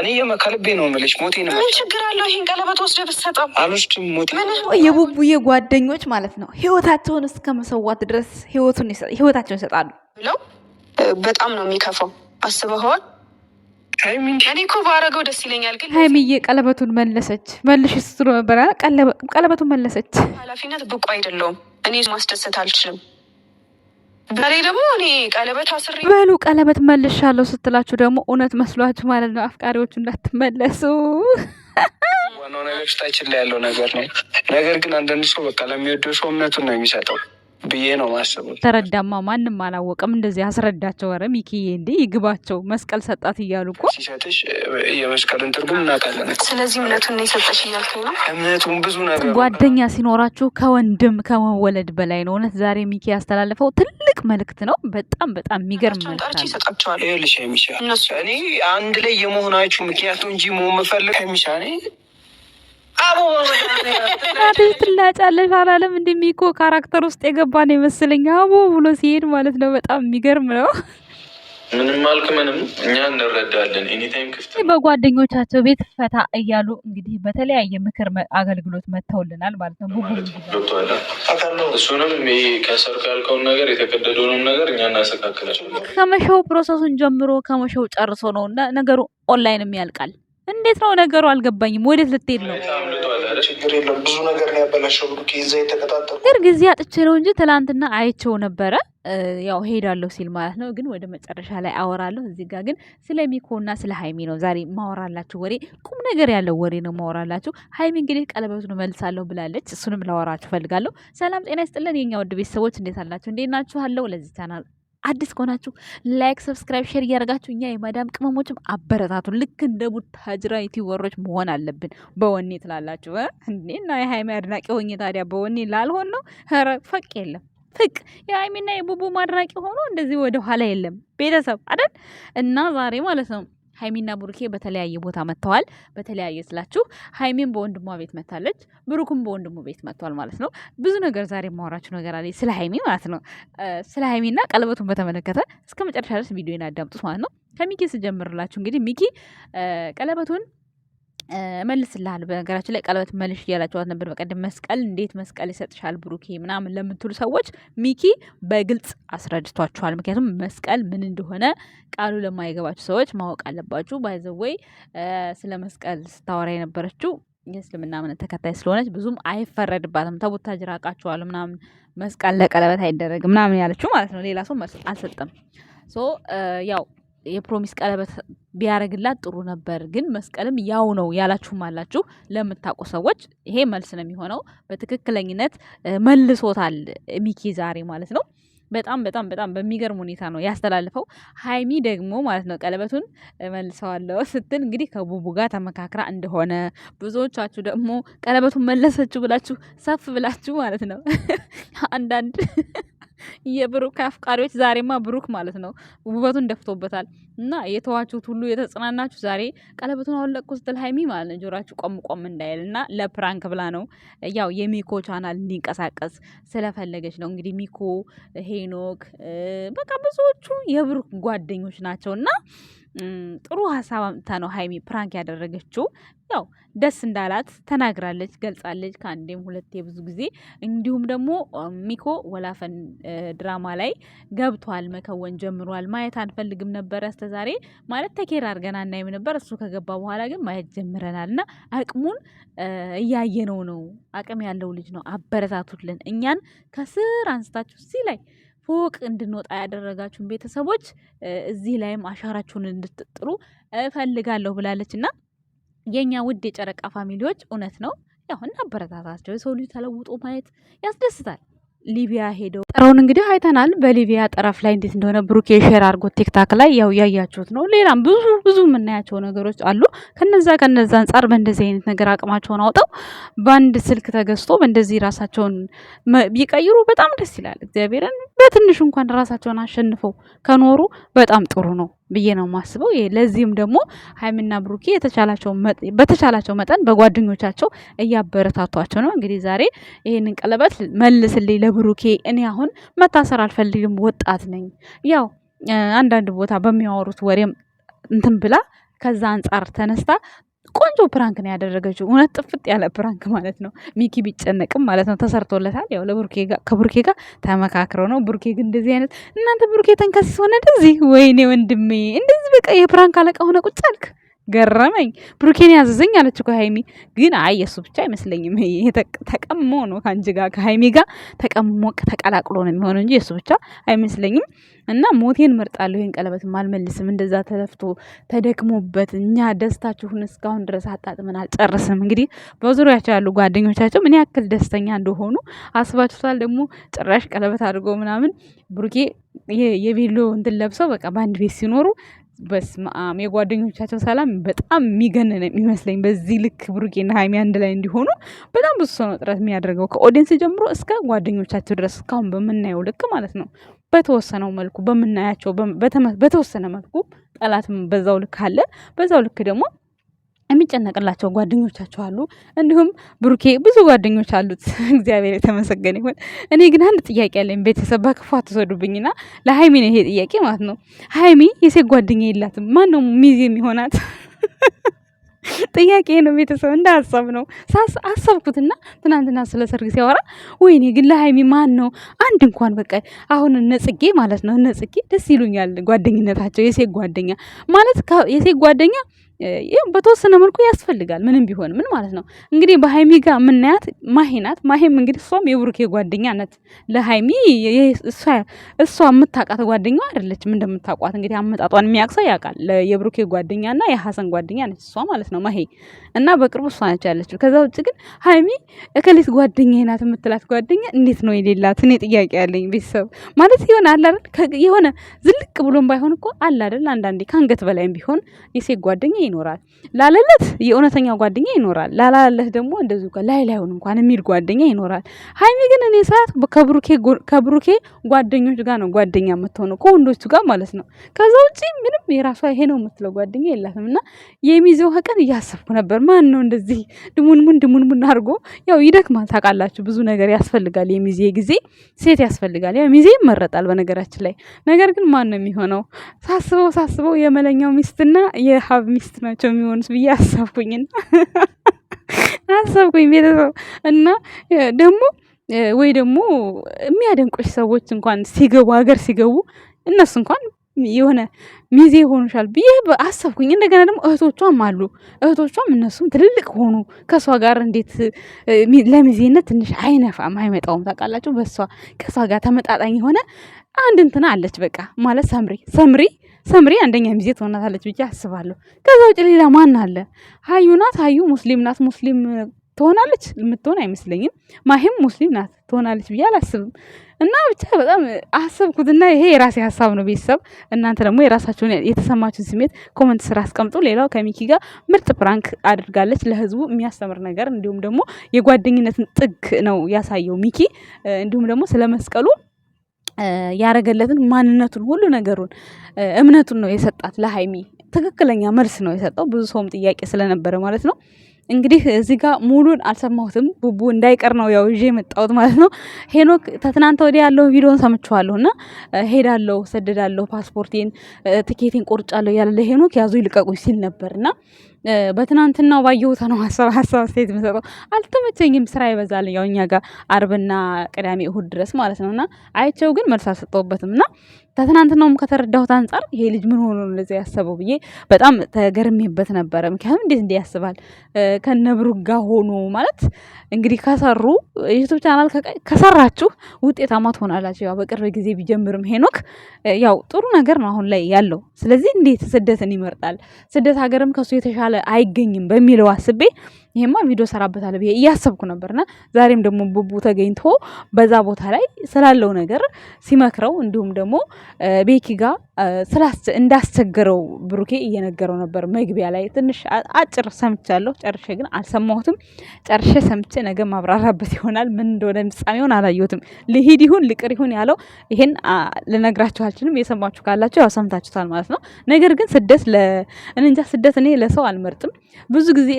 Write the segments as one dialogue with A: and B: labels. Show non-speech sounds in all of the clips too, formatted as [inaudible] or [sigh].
A: እኔ ከልቤ ነው የምልሽ። ሞቴ
B: ነው። ምን ችግር አለው? ይህን ቀለበት ወስደ ብትሰጠው
A: አልወስድም። ሞቴ
B: የቡቡዬ ጓደኞች ማለት ነው ህይወታቸውን እስከ መሰዋት ድረስ ህይወታቸውን ይሰጣሉ ብለው በጣም ነው የሚከፋው። አስበኸዋል? እኔ እኮ ባረገው ደስ ይለኛል፣ ግን ሀይሚዬ ቀለበቱን መለሰች። መልሽ ስትሎ ነበረ። ቀለበቱን መለሰች። ኃላፊነት ብቁ አይደለውም። እኔ ማስደሰት አልችልም በሬ ደግሞ እኔ ቀለበት አስሬ በሉ ቀለበት መልሻለሁ ስትላችሁ ደግሞ እውነት መስሏችሁ ማለት ነው። አፍቃሪዎቹ እንዳትመለሱ።
A: ዋናው ነገር ፊታችን ላይ ያለው ነገር ነው። ነገር ግን አንዳንድ ሰው በቃ ለሚወደው ሰው እምነቱን ነው የሚሰጠው። ብዬ ነው ማስቡት።
B: ተረዳማ ማንም አላወቀም። እንደዚህ አስረዳቸው። ኧረ ሚኪዬ እንዴ ይግባቸው። መስቀል ሰጣት እያሉ እኮ
A: ሲሰጥሽ የመስቀልን ትርጉም እናውቃለን።
B: ስለዚህ እምነቱን የሰጠሽ እያልከኝ ነው።
A: እምነቱን ብዙ
B: ነገር ጓደኛ ሲኖራችሁ ከወንድም ከመወለድ በላይ ነው። እውነት ዛሬ ሚኪ ያስተላለፈው ትልቅ መልእክት ነው። በጣም በጣም የሚገርም መልእክት ይሰጣቸዋል።
A: ይኸውልሽ ሚሻ፣ እኔ አንድ ላይ የመሆናችሁ ምክንያቱ እንጂ መሆን መፈለግ ሚሻ እኔ አቡ
B: ትላጫለሽ አላለም። እንደሚኮ ካራክተር ውስጥ የገባ ነው የመሰለኝ አቦ ብሎ ሲሄድ ማለት ነው። በጣም የሚገርም ነው።
A: ምንም አልክ ምንም፣ እኛ እንረዳለን። ኤኒታይም ክፍት
B: ነው። በጓደኞቻቸው ቤት ፈታ እያሉ እንግዲህ በተለያየ ምክር አገልግሎት መጥተውልናል ማለት ነው።
A: እሱንም ከሰርክ ያልከውን ነገር የተቀደደውንም ነገር እኛ እናስተካክላለን።
B: ከመሸው ፕሮሰሱን ጀምሮ ከመሸው ጨርሶ ነው ነገሩ ኦንላይንም ያልቃል። እንዴት ነው ነገሩ? አልገባኝም። ወዴት ልትሄድ ነው?
A: ብዙ ነገር ነው ያበላሸው።
B: ጊዜ አጥቼ ነው እንጂ ትላንትና አይቸው ነበረ። ያው ሄዳለሁ ሲል ማለት ነው። ግን ወደ መጨረሻ ላይ አወራለሁ። እዚህ ጋር ግን ስለ ሚኮና ስለ ሀይሚ ነው ዛሬ ማወራላችሁ። ወሬ ቁም ነገር ያለው ወሬ ነው ማወራላችሁ። ሀይሚ እንግዲህ ቀለበቱን መልሳለሁ ብላለች። እሱንም ላወራችሁ ፈልጋለሁ። ሰላም ጤና ይስጥልን የኛ ውድ ቤተሰቦች፣ እንዴት አላችሁ? እንዴት ናችኋለሁ? ለዚህ ቻናል አዲስ ከሆናችሁ ላይክ፣ ሰብስክራይብ፣ ሼር እያደረጋችሁ እኛ የማዳም ቅመሞችም አበረታቱ ልክ እንደ ቡታጅራ ዩቲዩበሮች መሆን አለብን። በወኔ ትላላችሁ እንዴና የሀይሚ አድናቂ ሆኜ ታዲያ በወኔ ላልሆን ነው? ኧረ ፈቅ የለም ፍቅ የሀይሚና የቡቡ ማድናቂ ሆኖ እንደዚህ ወደ ኋላ የለም። ቤተሰብ አይደል እና ዛሬ ማለት ነው ሀይሚና ብሩኬ በተለያየ ቦታ መጥተዋል። በተለያየ ስላችሁ ሀይሚን በወንድሟ ቤት መታለች፣ ብሩክም በወንድሙ ቤት መጥተዋል ማለት ነው። ብዙ ነገር ዛሬ የማወራችሁ ነገር አለ ስለ ሀይሚ ማለት ነው። ስለ ሀይሚና ቀለበቱን በተመለከተ እስከ መጨረሻ ድረስ ቪዲዮን አዳምጡት ማለት ነው። ከሚኪ ስጀምርላችሁ እንግዲህ ሚኪ ቀለበቱን መልስልሃል። በነገራችን ላይ ቀለበት መልሽ እያላቸዋት ነበር በቀደም። መስቀል እንዴት መስቀል ይሰጥሻል ብሩኬ ምናምን ለምትሉ ሰዎች ሚኪ በግልጽ አስረድቷችኋል። ምክንያቱም መስቀል ምን እንደሆነ ቃሉ ለማይገባችሁ ሰዎች ማወቅ አለባችሁ። ባይዘወይ ስለ መስቀል ስታወራ የነበረችው የእስልምና እምነት ተከታይ ስለሆነች ብዙም አይፈረድባትም። ተቦታ ጅራቃችኋል ምናምን መስቀል ለቀለበት አይደረግም ምናምን ያለችው ማለት ነው። ሌላ ሰው መልስ አልሰጠም። ሶ ያው የፕሮሚስ ቀለበት ቢያደርግላት ጥሩ ነበር። ግን መስቀልም ያው ነው ያላችሁም አላችሁ ለምታውቁ ሰዎች ይሄ መልስ ነው የሚሆነው። በትክክለኝነት መልሶታል ሚኪ ዛሬ ማለት ነው። በጣም በጣም በጣም በሚገርም ሁኔታ ነው ያስተላልፈው። ሀይሚ ደግሞ ማለት ነው ቀለበቱን መልሰዋለው ስትል እንግዲህ ከቡቡ ጋር ተመካክራ እንደሆነ ብዙዎቻችሁ ደግሞ ቀለበቱን መለሰችሁ ብላችሁ ሰፍ ብላችሁ ማለት ነው [laughs] አንዳንድ የብሩክ አፍቃሪዎች ዛሬማ ብሩክ ማለት ነው ውበቱን ደፍቶበታል። እና የተዋችሁት ሁሉ የተጽናናችሁ ዛሬ ቀለበቱን አወለቅኩ ስትል ሀይሚ ማለት ነው ጆራችሁ ቆም ቆም እንዳይል እና ለፕራንክ ብላ ነው ያው የሚኮ ቻናል እንዲንቀሳቀስ ስለፈለገች ነው። እንግዲህ ሚኮ ሄኖክ፣ በቃ ብዙዎቹ የብሩክ ጓደኞች ናቸው እና ጥሩ ሀሳብ አምጥታ ነው ሀይሚ ፕራንክ ያደረገችው። ያው ደስ እንዳላት ተናግራለች፣ ገልጻለች ከአንዴም ሁለቴ ብዙ ጊዜ። እንዲሁም ደግሞ ሚኮ ወላፈን ድራማ ላይ ገብቷል፣ መከወን ጀምሯል። ማየት አንፈልግም ነበር አስተዛሬ ማለት ተኬር አድርገን አናይም ነበር። እሱ ከገባ በኋላ ግን ማየት ጀምረናል እና አቅሙን እያየነው ነው። አቅም ያለው ልጅ ነው። አበረታቱልን። እኛን ከስር አንስታችሁ ሲ ላይ ፎቅ እንድንወጣ ያደረጋችሁን ቤተሰቦች እዚህ ላይም አሻራችሁን እንድትጥሩ እፈልጋለሁ ብላለች እና የእኛ ውድ የጨረቃ ፋሚሊዎች እውነት ነው ያሁን አበረታታቸው። የሰው ልጅ ተለውጦ ማየት ያስደስታል። ሊቢያ ሄደው ጥረውን እንግዲህ አይተናል። በሊቢያ ጠረፍ ላይ እንዴት እንደሆነ ብሩኬ ሼር አድርጎት ቲክታክ ላይ ያው ያያችሁት ነው። ሌላም ብዙ ብዙ የምናያቸው ነገሮች አሉ። ከነዛ ከነዛ አንጻር በእንደዚህ አይነት ነገር አቅማቸውን አውጠው በአንድ ስልክ ተገዝቶ በእንደዚህ ራሳቸውን ቢቀይሩ በጣም ደስ ይላል። እግዚአብሔርን በትንሹ እንኳን ራሳቸውን አሸንፈው ከኖሩ በጣም ጥሩ ነው። ብዬ ነው የማስበው። ለዚህም ደግሞ ሀይሚና ብሩኬ በተቻላቸው መጠን በጓደኞቻቸው እያበረታቷቸው ነው። እንግዲህ ዛሬ ይህንን ቀለበት መልስልኝ ለብሩኬ፣ እኔ አሁን መታሰር አልፈልግም፣ ወጣት ነኝ፣ ያው አንዳንድ ቦታ በሚያወሩት ወሬም እንትን ብላ ከዛ አንጻር ተነስታ ቆንጆ ፕራንክ ነው ያደረገችው። እውነት ጥፍጥ ያለ ፕራንክ ማለት ነው። ሚኪ ቢጨነቅም ማለት ነው ተሰርቶለታል። ያው ከቡርኬ ጋር ተመካክረው ነው። ቡርኬ ግን እንደዚህ አይነት እናንተ ቡርኬ ተንከሲስ ሆነ እንደዚህ፣ ወይኔ ወንድሜ እንደዚህ በቃ የፕራንክ አለቃ ሆነ ቁጭ አልክ። ገረመኝ። ብሩኬን ያዘዘኝ አለች እኮ ሀይሚ። ግን አይ የሱ ብቻ አይመስለኝም። ተቀሞ ነው ከአንጅ ጋር ከሀይሚ ጋር ተቀሞ ተቀላቅሎ ነው የሚሆነው እንጂ የሱ ብቻ አይመስለኝም። እና ሞቴን መርጣለሁ። ይህን ቀለበት አልመልስም። እንደዛ ተለፍቶ ተደክሞበት እኛ ደስታችሁን እስካሁን ድረስ አጣጥመን አልጨርስም። እንግዲህ በዙሪያቸው ያሉ ጓደኞቻቸው ምን ያክል ደስተኛ እንደሆኑ አስባችሁታል። ደግሞ ጭራሽ ቀለበት አድርጎ ምናምን ብሩኬ የቬሎ እንትን ለብሰው በቃ በአንድ ቤት ሲኖሩ በስመ አብ የጓደኞቻቸው ሰላም በጣም የሚገነነ የሚመስለኝ በዚህ ልክ ብሩኬና ሀይሚ አንድ ላይ እንዲሆኑ በጣም ብዙ ሰው ነው ጥረት የሚያደርገው ከኦዲንስ ጀምሮ እስከ ጓደኞቻቸው ድረስ እስካሁን በምናየው ልክ ማለት ነው። በተወሰነው መልኩ በምናያቸው በተወሰነ መልኩ ጠላትም በዛው ልክ አለ። በዛው ልክ ደግሞ የሚጨነቅላቸው ጓደኞቻቸው አሉ። እንዲሁም ብሩኬ ብዙ ጓደኞች አሉት። [laughs] እግዚአብሔር የተመሰገነ ይሁን። እኔ ግን አንድ ጥያቄ ያለኝ ቤተሰብ በክፉ አትወስዱብኝና ለሀይሚ ነው ይሄ ጥያቄ ማለት ነው። ሀይሚ የሴት ጓደኛ የላትም። ማን ነው ሚዜ የሚሆናት? [laughs] ጥያቄ ነው ቤተሰብ እንደ ሀሳብ ነው አሰብኩትና ትናንትና ስለ ሰርግ ሲያወራ ወይኔ ግን ለሀይሚ ማን ነው አንድ እንኳን በቃ አሁን እነጽጌ ማለት ነው እነጽጌ ደስ ይሉኛል ጓደኝነታቸው የሴት ጓደኛ ማለት የሴት ጓደኛ በተወሰነ መልኩ ያስፈልጋል። ምንም ቢሆን ምን ማለት ነው እንግዲህ በሀይሚ ጋር የምናያት ማሄ ናት። ማሂም እንግዲህ እሷም የብሩኬ ጓደኛ ናት። ለሀይሚ እሷ የምታውቃት ጓደኛ አይደለችም። እንደምታውቋት እንግዲህ አመጣጧን የሚያቅሰው ያውቃል። የብሩኬ ጓደኛና የሀሰን ጓደኛ ነች እሷ ማለት ነው ማሂ እና በቅርቡ እሷ ናቸው ያለችው። ከዛ ውጭ ግን ሀይሚ እከሌት ጓደኛ ናት የምትላት ጓደኛ እንዴት ነው የሌላት? እኔ ጥያቄ ያለኝ ቤተሰብ ማለት የሆነ አለ የሆነ ዝልቅ ብሎም ባይሆን እኮ አለ አንዳንዴ ከአንገት በላይም ቢሆን የሴት ጓደኛ ይኖራል። ላለለት የእውነተኛ ጓደኛ ይኖራል። ላላለህ ደግሞ እንደዚሁ ላይ ላይሆን እንኳን የሚል ጓደኛ ይኖራል። ሀይሚ ግን እኔ ሰዓት ከብሩኬ ጓደኞች ጋር ነው ጓደኛ የምትሆነው ከወንዶቹ ጋር ማለት ነው። ከዛ ውጭ ምንም የራሷ ይሄ ነው የምትለው ጓደኛ የላትም። እና የሚዜው ቀን እያሰብኩ ነበር ማን ነው እንደዚህ ድሙንሙን ድሙንሙን አድርጎ ያው ይደክማል። ታውቃላችሁ ብዙ ነገር ያስፈልጋል። የሚዜ ጊዜ ሴት ያስፈልጋል። ያው ሚዜ ይመረጣል በነገራችን ላይ ነገር ግን ማን ነው የሚሆነው? ሳስበው ሳስበው የመለኛው ሚስትና የሀብ ሚስት ሴት ናቸው የሚሆኑት ብዬ አሳብኩኝና [laughs] አሳብኩኝ ቤተሰብ እና ደግሞ ወይ ደግሞ የሚያደንቁሽ ሰዎች እንኳን ሲገቡ ሀገር ሲገቡ እነሱ እንኳን የሆነ ሚዜ ሆኑሻል ብዬ አሰብኩኝ። እንደገና ደግሞ እህቶቿም አሉ። እህቶቿም እነሱም ትልልቅ ሆኑ። ከእሷ ጋር እንዴት ለሚዜነት ትንሽ አይነፋም፣ አይመጣውም። ታውቃላችሁ፣ በእሷ ከእሷ ጋር ተመጣጣኝ የሆነ አንድ እንትና አለች። በቃ ማለት ሰምሪ ሰምሪ ሰምሪ አንደኛ ሚዜ ትሆናታለች ብዬ አስባለሁ። ከዛ ውጭ ሌላ ማን አለ? ሀዩ ናት። ሀዩ ሙስሊም ናት። ሙስሊም ትሆናለች የምትሆን አይመስለኝም። ማሂም ሙስሊም ናት ትሆናለች ብዬ አላስብም። እና ብቻ በጣም አሰብኩትና ይሄ የራሴ ሀሳብ ነው። ቤተሰብ እናንተ ደግሞ የራሳችሁን የተሰማችሁን ስሜት ኮመንት ስራ አስቀምጡ። ሌላው ከሚኪ ጋር ምርጥ ፕራንክ አድርጋለች። ለህዝቡ የሚያስተምር ነገር እንዲሁም ደግሞ የጓደኝነትን ጥግ ነው ያሳየው ሚኪ እንዲሁም ደግሞ ስለ መስቀሉ ያረገለትን ማንነቱን ሁሉ ነገሩን እምነቱን ነው የሰጣት ለሀይሚ ትክክለኛ መልስ ነው የሰጠው። ብዙ ሰውም ጥያቄ ስለነበረ ማለት ነው። እንግዲህ እዚህ ጋር ሙሉን አልሰማሁትም። ቡቡ እንዳይቀር ነው ያው ይዤ የመጣሁት ማለት ነው። ሄኖክ ተትናንተ ወዲ ያለውን ቪዲዮን ሰምቼዋለሁ እና ሄዳለሁ፣ ሰደዳለሁ፣ ፓስፖርቴን፣ ትኬቴን ቆርጫለሁ ያለ ሄኖክ ያዙ ይልቀቁኝ ሲል ነበር እና በትናንትናው ባየሁት ነው ሀሳብ ሀሳብ አስተያየት የምሰጠው። አልተመቸኝም። ስራ ይበዛል ያው እኛ ጋር አርብና ቅዳሜ እሁድ ድረስ ማለት ነው እና አይቸው ግን መልስ አልሰጠውበትም እና ከትናንትናውም ከተረዳሁት አንጻር ይሄ ልጅ ምን ሆኖ ነው እንደዚያ ያሰበው ብዬ በጣም ተገርሜበት ነበረ። ምክንያቱም እንዴት እንዲ ያስባል ከነብሩክ ጋር ሆኖ ማለት እንግዲህ ከሰሩ ዩቱብ ቻናል ከሰራችሁ ውጤታማ ትሆናላችሁ። ያው በቅርብ ጊዜ ቢጀምርም ሄኖክ ያው ጥሩ ነገር ነው አሁን ላይ ያለው። ስለዚህ እንዴት ስደትን ይመርጣል? ስደት ሀገርም ከሱ የተሻለ አይገኝም በሚለው አስቤ ይሄማ ቪዲዮ ሰራበታለሁ ብዬ እያሰብኩ ነበርና ዛሬም ደግሞ ቡቡ ተገኝቶ በዛ ቦታ ላይ ስላለው ነገር ሲመክረው እንዲሁም ደግሞ ቤኪ ጋር እንዳስቸገረው ብሩኬ እየነገረው ነበር። መግቢያ ላይ ትንሽ አጭር ሰምቻለሁ፣ ጨርሼ ግን አልሰማሁትም። ጨርሼ ሰምቼ ነገ ማብራራበት ይሆናል። ምን እንደሆነ ፍጻሜውን አላየሁትም። ልሂድ ይሁን ልቅር ይሁን ያለው ይሄን ልነግራችሁ አልችልም። የሰማችሁ ካላችሁ ያው ሰምታችሁታል ማለት ነው። ነገር ግን ስደት እንጃ ስደት እኔ ለሰው አልመርጥም። ብዙ ጊዜ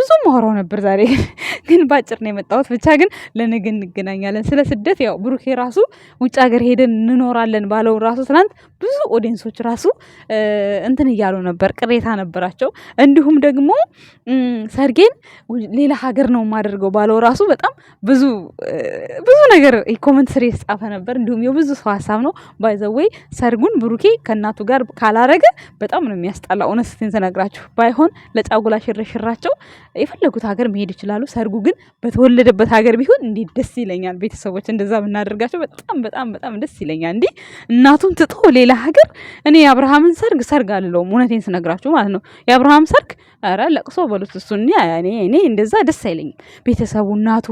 B: ብዙ ማወራው ነበር ዛሬ [laughs] ግን ባጭር ነው የመጣሁት። ብቻ ግን ለነገ እንገናኛለን። ስለ ስደት ያው ብሩኬ ራሱ ውጭ ሀገር ሄደን እንኖራለን ባለው ራሱ ትናንት ብዙ ኦዲየንሶች ራሱ እንትን እያሉ ነበር፣ ቅሬታ ነበራቸው። እንዲሁም ደግሞ ሰርጌን ሌላ ሀገር ነው የማደርገው ባለው ራሱ በጣም ብዙ ብዙ ነገር ኮመንት ስር የተጻፈ ነበር። እንዲሁም የብዙ ሰው ሀሳብ ነው። ባይዘወይ ሰርጉን ብሩኬ ከእናቱ ጋር ካላረገ በጣም ነው የሚያስጠላ። እውነትን ተነግራችሁ ባይሆን ለጫጉላ ሽረሽራቸው የፈለጉት ሀገር መሄድ ይችላሉ። ሰርጉ ግን በተወለደበት ሀገር ቢሆን እንዴት ደስ ይለኛል። ቤተሰቦች እንደዛ ብናደርጋቸው በጣም በጣም በጣም ደስ ይለኛል። እንዲህ እናቱን ትቶ ሌላ ሀገር እኔ የአብርሃምን ሰርግ ሰርግ አልለውም፣ እውነቴን ስነግራችሁ ማለት ነው። የአብርሃም ሰርግ ኧረ ለቅሶ በሉት እሱ እኔ እኔ እንደዛ ደስ አይለኝም። ቤተሰቡ እናቱ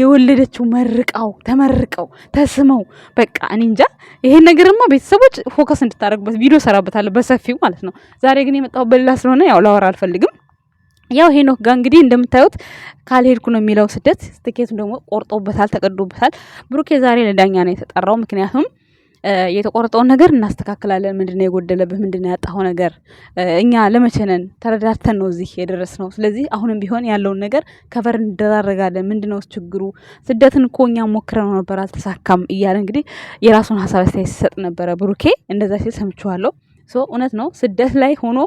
B: የወለደችው መርቀው ተመርቀው ተስመው በቃ እኔ እንጃ። ይሄን ነገርማ ቤተሰቦች ፎከስ እንድታደርጉበት ቪዲዮ ሰራበታለሁ በሰፊው ማለት ነው። ዛሬ ግን የመጣው በሌላ ስለሆነ ያው ላወራ አልፈልግም። ያው ሄኖክ ጋር እንግዲህ እንደምታዩት ካልሄድኩ ነው የሚለው ስደት ትኬቱን ደግሞ ቆርጦበታል፣ ተቀዶበታል። ብሩኬ ዛሬ ለዳኛ ነው የተጠራው። ምክንያቱም የተቆረጠውን ነገር እናስተካክላለን። ምንድን ነው የጎደለብህ? ምንድን ነው ያጣኸው ነገር? እኛ ለመቸነን ተረዳድተን ነው እዚህ የደረስ ነው። ስለዚህ አሁንም ቢሆን ያለውን ነገር ከበር እንደራረጋለን። ምንድን ነው ችግሩ? ስደትን እኮ እኛ ሞክረነው ነበር አልተሳካም እያለ እንግዲህ የራሱን ሀሳብ አስተያየት ሲሰጥ ነበረ ብሩኬ። እንደዛ ሲል ሰምቼዋለሁ። ሶ እውነት ነው። ስደት ላይ ሆኖ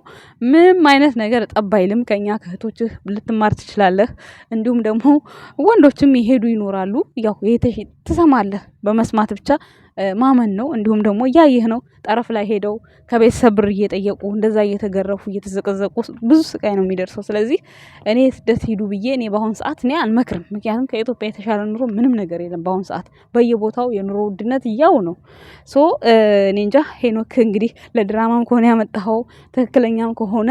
B: ምንም አይነት ነገር ጠብ አይልም። ከኛ ከእህቶችህ ልትማር ትችላለህ። እንዲሁም ደግሞ ወንዶችም ይሄዱ ይኖራሉ። ያው ትሰማለህ፣ በመስማት ብቻ ማመን ነው። እንዲሁም ደግሞ እያየህ ነው። ጠረፍ ላይ ሄደው ከቤተሰብ ብር እየጠየቁ እንደዛ እየተገረፉ እየተዘቀዘቁ ብዙ ስቃይ ነው የሚደርሰው። ስለዚህ እኔ ስደት ሂዱ ብዬ እኔ በአሁኑ ሰዓት እኔ አልመክርም። ምክንያቱም ከኢትዮጵያ የተሻለ ኑሮ ምንም ነገር የለም። በአሁን ሰዓት በየቦታው የኑሮ ውድነት እያው ነው። ሶ እኔ እንጃ ሄኖክ እንግዲህ ለድራማም ከሆነ ያመጣኸው ትክክለኛም ከሆነ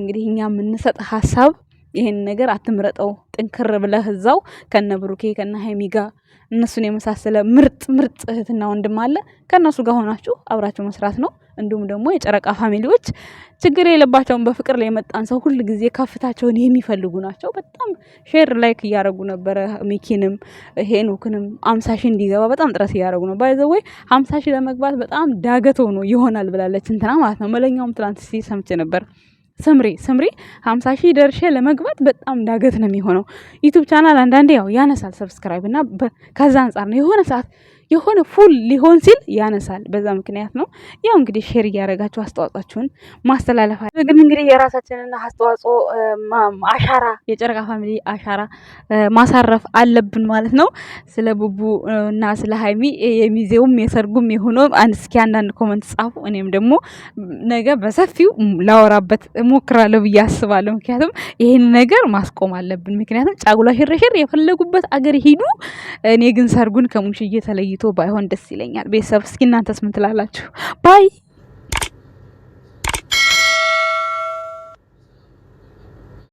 B: እንግዲህ እኛ የምንሰጥ ሀሳብ ይሄን ነገር አትምረጠው። ጥንክር ብለህ እዛው ከነ ብሩኬ ከነ ሀይሚ ጋር እነሱን የመሳሰለ ምርጥ ምርጥ እህትና ወንድም አለ። ከእነሱ ጋር ሆናችሁ አብራችሁ መስራት ነው። እንዲሁም ደግሞ የጨረቃ ፋሚሊዎች ችግር የለባቸውን በፍቅር ላይ የመጣን ሰው ሁል ጊዜ ከፍታቸውን የሚፈልጉ ናቸው። በጣም ሼር ላይክ እያደረጉ ነበረ። ሚኪንም ሄኖክንም አምሳ ሺህ እንዲገባ በጣም ጥረት እያደረጉ ነው። ባይዘወይ አምሳ ሺህ ለመግባት በጣም ዳገት ሆኖ ይሆናል ብላለች እንትና ማለት ነው። መለኛውም ትላንት ሲሰምቼ ነበር ስምሪ ስምሪ ሀምሳ ሺህ ደርሼ ለመግባት በጣም ዳገት ነው የሚሆነው። ዩቱብ ቻናል አንዳንዴ ያው ያነሳል ሰብስክራይብ እና ከዛ አንጻር ነው የሆነ ሰዓት የሆነ ፉል ሊሆን ሲል ያነሳል። በዛ ምክንያት ነው ያው እንግዲህ ሼር እያደረጋችሁ አስተዋጽኦአችሁን ማስተላለፍ ግን እንግዲህ የራሳችንን አስተዋጽኦ አሻራ የጨረቃ ፋሚሊ አሻራ ማሳረፍ አለብን ማለት ነው። ስለ ቡቡ እና ስለ ሀይሚ የሚዜውም የሰርጉም የሆነው እስኪ አንዳንድ ኮመንት ጻፉ። እኔም ደግሞ ነገ በሰፊው ላወራበት ሞክራለሁ ብዬ አስባለሁ። ምክንያቱም ይህን ነገር ማስቆም አለብን። ምክንያቱም ጫጉላ ሽርሽር የፈለጉበት አገር ሂዱ። እኔ ግን ሰርጉን ከሙሽዬ ተለይቶ ባይሆን ደስ ይለኛል። ቤተሰብ እስኪ እናንተስ ምን ትላላችሁ? ባይ